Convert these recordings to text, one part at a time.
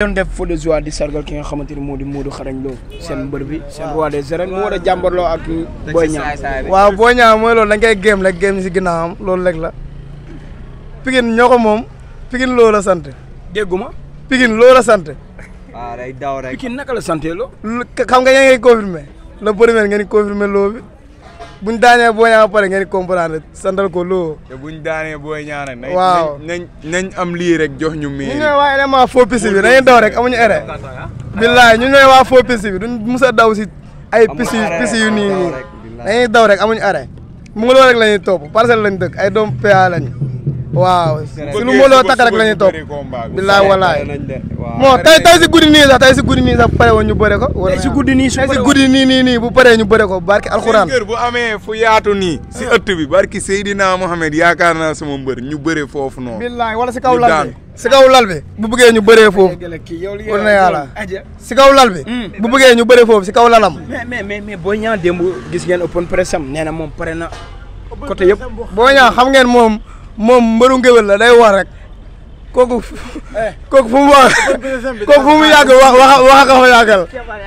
doon def feu de joie di sargal ki nga xamante ni moo di Modou Xarañ Lo seen mbër bi seen roi des arènes mu war a jàmbarloo ak Boy Niang waaw Boy Niang mooy loolu da ngay géem rek géem si ginnaawam loolu rek la Pikine ñoo ko moom Pikine loo la sant dégguma Pikine loo la sant waaw ah, day daw rek Pikine la santee loo xam nga ni confirmé loo bu ñu daanee booy ñaan pare ngeen comprendre santal ko loo. bu ñu daanee booy ñaar na waaw nañ nañ am lii rek jox ñu miin. ñu ñooy waa élément faux piste bi dañuy daw rek amuñu ere. Ah? billaay ñu ñooy waa faux piste bi duñ mus daw si ay piste piste yu nii nii dañuy daw rek amuñu ere mu ngi loolu rek la ñuy topp parcelle lañ dëkk ay doom PA lañ. waaw suñu mbooloo takk rek la ñuy topp. bilaay moo tey tey si guddi nii sax si guddi nii sax bu paree woon ñu bëre ko. wala si guddi nii su paree si guddi nii nii nii ñu bëre ko barki alxuraan. bu amee fu yaatu nii. si ah. ëtt bi barki Seydina Mohamed yaakaar naa sama mbër ñu bëre foofu noonu. bilaay wala si kaw lal bi si kaw lal bi. bu bëggee ñu bëree foofu. war na si kaw lal bi. Hmm. bu bëggee ñu si kaw lalam. mais mais mais boo ñaan gis ngeen open press am nee na moom pare na côté yëpp. boo ñaan xam ngeen moom moom mbëru ngéwél la day wax rek kooku eh. kooku fu mu wax kooku fu mu yàgg wax wax ka fa yàggal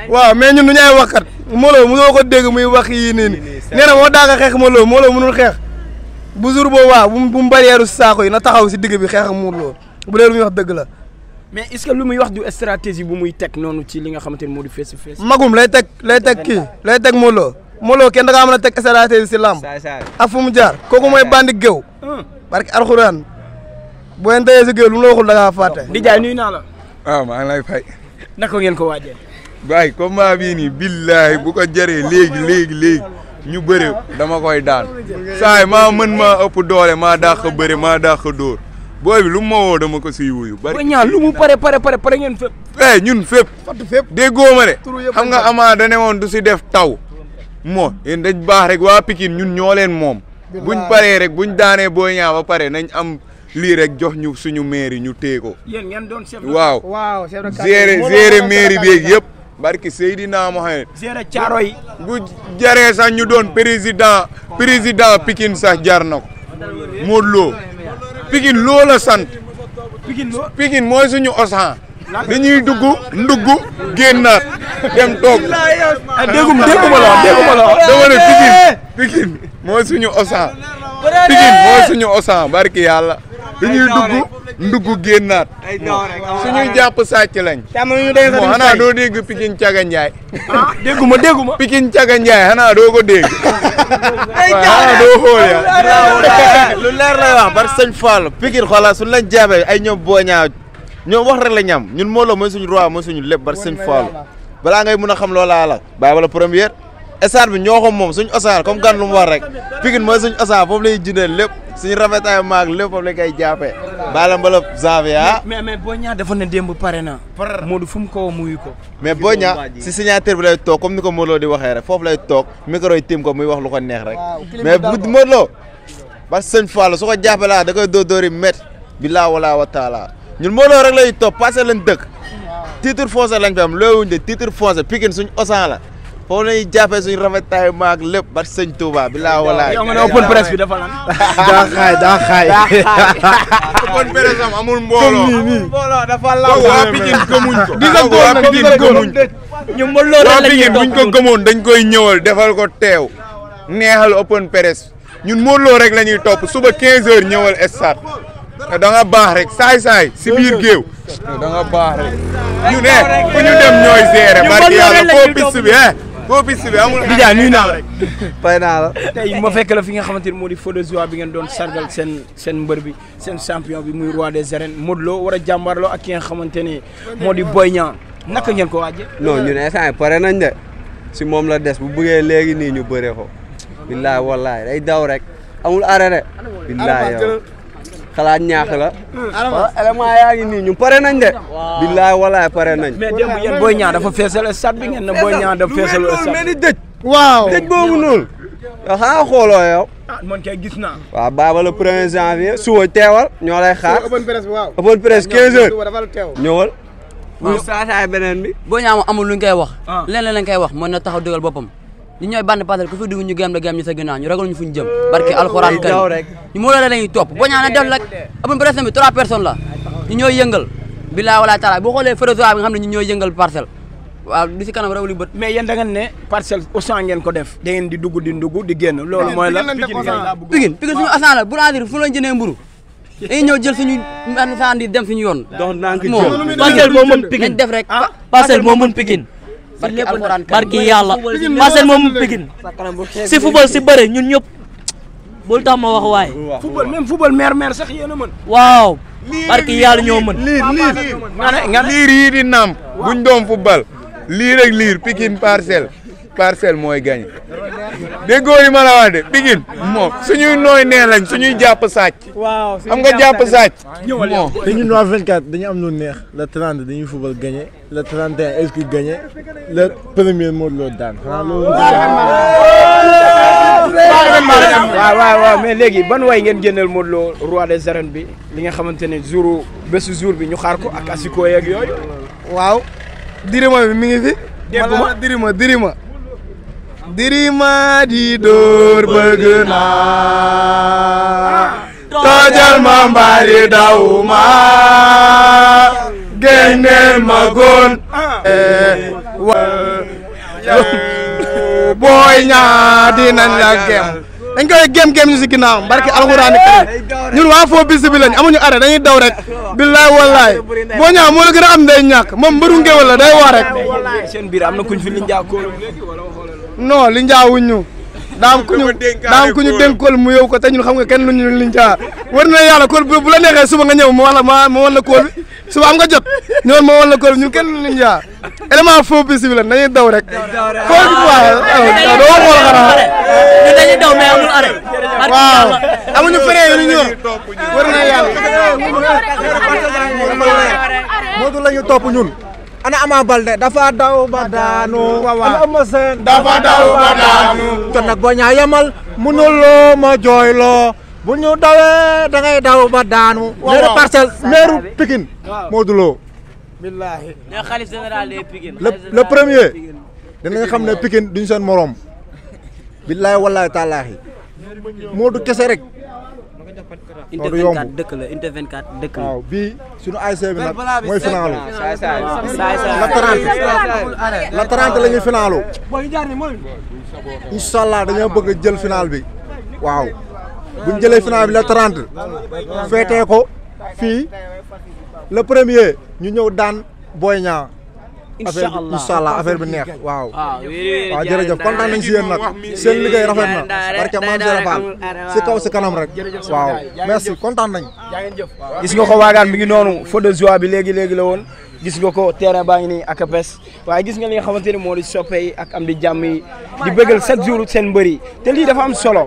waaw mais ñun du ñu ay waxkat Mawlo mënoo ko dégg muy wax yii nii nii moo daaga mënul xeex bu jour boobu waaw bu mu barrière saako yi na taxaw si digg bi xeex ak Mawlo bu dee lu muy wax dëgg la. mais est lu muy wax du bu muy teg noonu ci li nga xamante ni moo di face to face magum lay teg lay teg kii lay teg molo Mawlo kenn da ngaa mën a teg stratégie si làmb ak mu jaar kooku mooy bandi barke alxuraan boo leen dajee si géej lu mu la waxul di jaay nuyu naa la. Ah, maa ngi lay fay. ko waajee. waaye combat bii nii billaay bu ko jëree léegi léegi léegi ñu bëre dama koy daan saay maa mën maa ëpp doole maa dàq bëre maa dàq dóor booy bi lu mu ma woo dama ko siy wuyu. bari ñaan lu pare pare pare eh, ñun fépp. fàttu fépp déggoo ma de. xam ne woon du si def taw. moo yéen dañ rek waa Pikine ñun ñoo moom. buñ paree rek buñ daanee Boy Niang ba pare nañ am lii rek jox ñu suñu mairie ñu téye ko. ngeen doon chef waaw waaw chef de quartier gérer mairie beeg yëpp. barki Seydina Mohamed. gérer caaro yi. bu jaree sax ñu doon président président Pikine sax jar na ko. Modou Lo la sant. Pikine loo Pikine mooy suñu osan. dañuy dugg ndugg génnaat dem toog. dégguma dégguma la wax la wax dama ne Pikine moo suñu osa Pikine mooy suñu osa barki yàlla dañuy dugg ndugg génnaat suñuy jàpp sàcc lañ moo xanaa doo dégg Pikine caga Njaay ah, dégguma dégguma Pikine caga Njaay xanaa doo ko dégg xanaa doo xool ya lu sëñ Fall Pikine xoolal suñu lañ jaabee ay ñoom booñaa ñoom wax rek ñun moo la mooy suñu roi mooy suñu lépp bar sëñ Fall balaa ngay mun a xam loolaa la bàyyi stade bi ñoo moom suñ osaar comme gan lu mu war rek Pikine mooy suñu osaar foofu lay jëndee lépp suñu rafetaay maag lépp foofu la koy jàppee. baala mbala Zavia. Ah. mais mais Boy Niang dafa ne démb na. pare Modou fu mu ko muyu ko. mais Boy Niang si signature bi lay toog comme ni ko di waxee rek foofu lay toog micro yi tiim ko muy wax lu ko neex rek. mais bu Modou Lo ba sëñ Fallou su ko jàppalaa da koy dóor-dóor yi métti. bilaa wala wa taala ñun Modou Lo rek lay topp passé lañ dëkk. titre foncé suñu osaar la foofu la ñuy jàppee suñu rafetaay ma ak lépp barke sëñ Touba bi laa walaay. yow ma ne open press bi dafa lan. daa xaay daa xaay. open press am amul mbooloo comme nii nii. mbooloo dafa law ko. di nga góor nag ñu mën loolu la ñuy toog defal ko teew neexal open press ñun Modou Lo rek la ñuy topp suba 15h ñëwal stade da nga baax rek saay saay si biir da nga baax rek ñu ne fu ñu dem ñooy gérer barki yàlla koo piste bi eh boo bis bi amul Dija naa la rek. fay naa la. tey ma fekk la fi nga xamante ni moo di feu de joie bi ngeen doon sargal seen seen mbër bi sen champion bi muy roi des arènes Modou loo war a jàmbarloo ak ki nga xamante ni moo di Boy Niang naka ngeen ko waajee. non ñun instant yi pare nañ de si moom la des bu bëggee léegi nii ñu bëre ko. billaay wallaay day daw rek amul arrêté. billaay xalaat ñaax la. Hmm. Ah, élément yaa ngi nii ñu pare nañ de. waaw billaay pare nañ. booy ñaa dafa feesal stade bi ngeen ne booy ñaa dafa feesal stade mel ni dëj. waaw dëj ah, ah, naa. waaw baaba le premier ñoo lay xaar. a presse waaw open presse 15 heures. ñëwal. waaw bi. booy ñaa moom amul lu ñu koy wax. leneen lañ koy wax mën na taxaw dëggal boppam. ñi ñooy band pasal ku fi ñu gem la gem ñu sa ginnaaw ñu ragal ñu fuñu jëm barke alxuraan kër ñu moo la lañuy topp boñaa na del lak abun presse bi trois personnes la ñu ñooy yëngal billaa wala taala boo xoolee frésoa bi nga xam ne ñu ñooy yëngal parcelle waaw di si kanam raw li bët mais yéen da ngeen ne parcelle Auchan ngeen ko mburu dañuy ñëw jël suñu saan di yoon donc naa ngi jël parcelle moo mën Pikine def rek ah, moo mën Pikine barki alxuraan barki yàlla Parcelles moom Pikine si football si bëre ñun ñëpp bul tax ma wax football même football mer mer sax a mën. waaw barki yàlla ñoo liir liir liir yii di football liir ak liir Pikine parcelle mooy gagné déggoo yi ma la wax moom suñuy nooy nee lañ suñuy jàpp sàcc. waaw xam nga jàpp sàcc. bon te ñun waa 24 dañu am lu neex le 30 dañuy fubal gagné le 31 est-ce que gagné loo daan xanaa loolu. waaw waaw waaw mais léegi ban way ngeen génneel Modou Lo roi des arènes bi li nga xamante ne jour bésu bi ñu xaar ko ak asiko yeeg yooyu. waaw dirima bi mi ngi fi. dirima dirima. dirima di dóor bëgg naa toojal ma mbari dawuma génneel ma góon e, booy ñaa dinañ la gem dañ koy gém gém ñu si ginnaaw barki alxuraan kariim ñun waa foo bis bi lañ amuñu arrêt daw rek billaay wallaay boo ñaaw moo la gën a am day ñàkk moom mbëru ngéwél la day woo rek. seen biir am na kuñ fi li njaa daam ku ñu daam ku ñu dénkool mu yow ko te ñun xam nga kenn luñu liñ caa war na yàlla kóol bu la neexee suba nga ñëw ma wala ma ma wan la kóol bi suba am nga jot ñoon ma wan la kóol bi ñun kenn luñu liñ caa élément faux bi bi la dañuy daw rek kóol bi quoi doo xool xanaa ñun dañuy ñu war na yàlla topp ñun ana Ama Baldé dafa daw ba daanu. ana Eumeu Sène dafa daw ba daanu. kon nag boo ñaa yemal munuloo ma jooyloo bu ñu dawee da daw ba daanu. meeru Parcelles meeru Pikine. waaw Modou Lo. billaahi. le xalif général xam ne Pikine duñ seen morom. billaahi wallaahi taalaahi. Modou kese rek. Unité 24 dëkk la Unité 24 dëkk la. waaw bii suñu ASC bi mooy finaalu. la 30 la 30 la ñuy finaalu. incha allah dañoo a jël final bi waaw bu ñu jëlee bi la 30 feetee ko fii le premier ñu ñëw daan Boy Niang. incha allah incha allah bi neex waaw. Ah, waaw jërëjëf kontaan nañ si yéen seen liggéey rafet na barke maam Serigne Fall si kaw si kanam rek waaw merci kontaan nañ. gis nga ko waagaan mi ngi noonu feu de joie bi léegi léegi la woon gis nga ko terrain baa ngi nii ak apes waaye gis nga li nga xamante ni moo di soppe yi ak am di jàmm yi di bëggal chaque jour seen mbër yi te lii dafa am solo.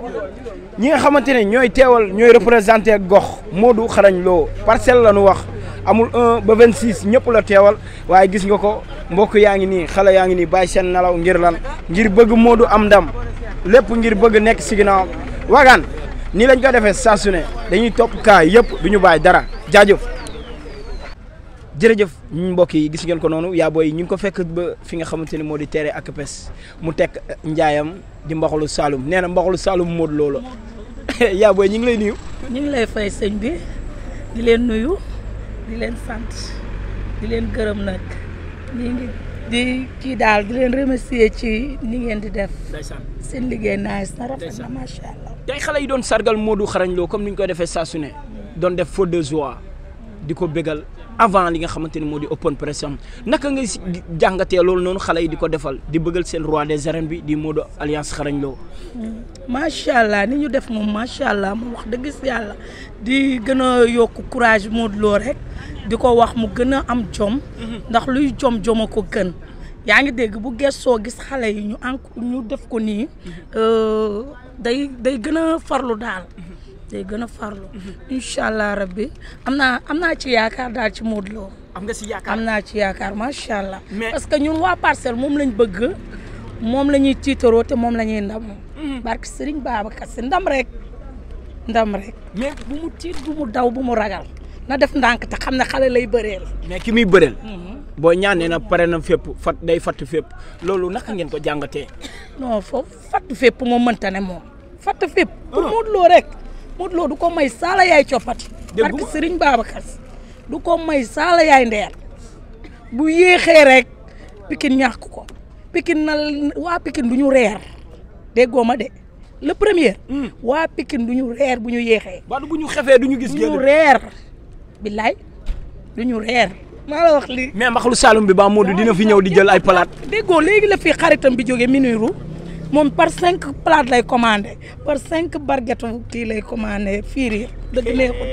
ñi nga xamante ne ñooy teewal ñooy représenté gox Modou xarañ loo parcelle la wax. amul un ba vingt six ñëpp la teewal waaye gis nga ko mbokk yaa ngi nii xale yaa ngi nii bàyyi seen nelaw ngir lan ngir bëgg moodu am ndam lépp ngir bëgg nekk si ginnaawam Wagan nii lañ ko defee saa ne dañuy topp kaa yëpp du ñu bàyyi dara jaajëf jërëjëf mbokk yi gis ngeen ko noonu yaa booy ñu ngi ko fekk ba fi nga xamante ni moo di teere ak pes mu tekk njaayam di mbaxalu Saloum nee na mbaxalu Saloum Modou Lo la yaa booy ñu ngi lay nuyu. ñu ngi lay fay sëñ bi di leen nuyu. di leen sant di leen gërëm nag ñu ngi di kii daal di leen remercier ci ni ngeen di def. seen liggéey naaj na rafet na macha allah. tey xale yi doon sargal du xarañ loo comme ni ñu koy defee saa su ne. Mm. doon def feu de joie di ko bégal avant li nga xamante ni moo di open press am naka nga si jàngatee loolu noonu xale yi di ko defal di bëggal seen roi des arènes bi di Modou Alliance Xarañ Lo. Hmm. macha allah ni ñu def moom macha allah mu wax dëgg si yàlla di gën a yokk courage Modou rek di ko wax mu gën a am jom. Mhm. ndax luy jom a ko gën. yaa ngi dégg bu gëstoo gis xale yi ñu en ñu def ko nii. Mhm. Euh, day day gën a farlu daal. Mhm. day gën a farlu. incha allah rabbi am naa am naa ci yaakaar daal ci Modou Lo. am nga si yaakaar am naa ci yaakaar macha allah. parce que ñun waa parcelle moom lañ bëgg moom la ñuy tiitaroo te moom la ñuy ndamoo. Mhm. barke Serigne Babacar si ndam rek ndam rek. mais bu mu tiit bu mu daw bu mu ragal na def ndànk te xam ne xale lay bëreel. mais ki muy bëreel. Mhm. boo ñaanee na pare na fépp fat day fatt fépp loolu naka ngeen ko jàngatee. non foofu fatt fépp moom mënta ne moom fatt fépp. pour ah. Modou Modou loo du ko may saala yaay coppati. dégg nga Serigne Babacar du ko may saala yaay ndeer bu yéexee rek Pikine ñàkk ko Pikine na waa Pikine du ñu reer déggoo ma de le premier. Hmm. waa Pikine du ñu reer bu ñu yéexee. wala bu ñu xefee du ñu gis. du ñu reer billaay du ñu la wax lii. mais mbaxalu Saloum bi ba Modou dina fi ñëw di jël ay palaat. déggoo léegi la fi xaritam bi jógee Miniru. moom par cinq plate lay commandé par cinq bargeton kii lay commandé fiiriir dëgg neexul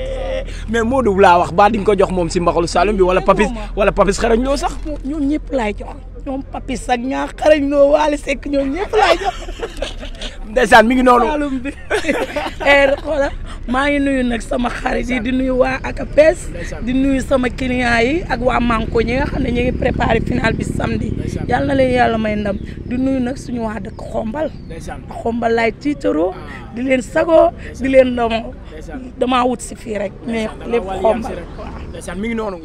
mais Modou laa wax ba diñ ko jox moom si mbaxalu Saloum bi wala papis wala papis xarañ loo sax ñoom ñëpp laay jox ñoom papis ak ñaa xarañ loo waali sekk ñoom ñëpp laay jox ndeysaan mi ngi noonu wàllum bi eh, xoola maa ngi nuyu nag sama xarit yi di nuyu waa ACAPES di nuyu sama clients yi ak waa Manko ñi nga xam ne ñu ngi préparé final bi samedi yàlla na leen yàlla may ndam di nuyu nag suñu waa dëkk xombal xombal laay tiitaroo ah. di leen sagoo di leen ndamoo dama wut si fii rek mais ngi noonu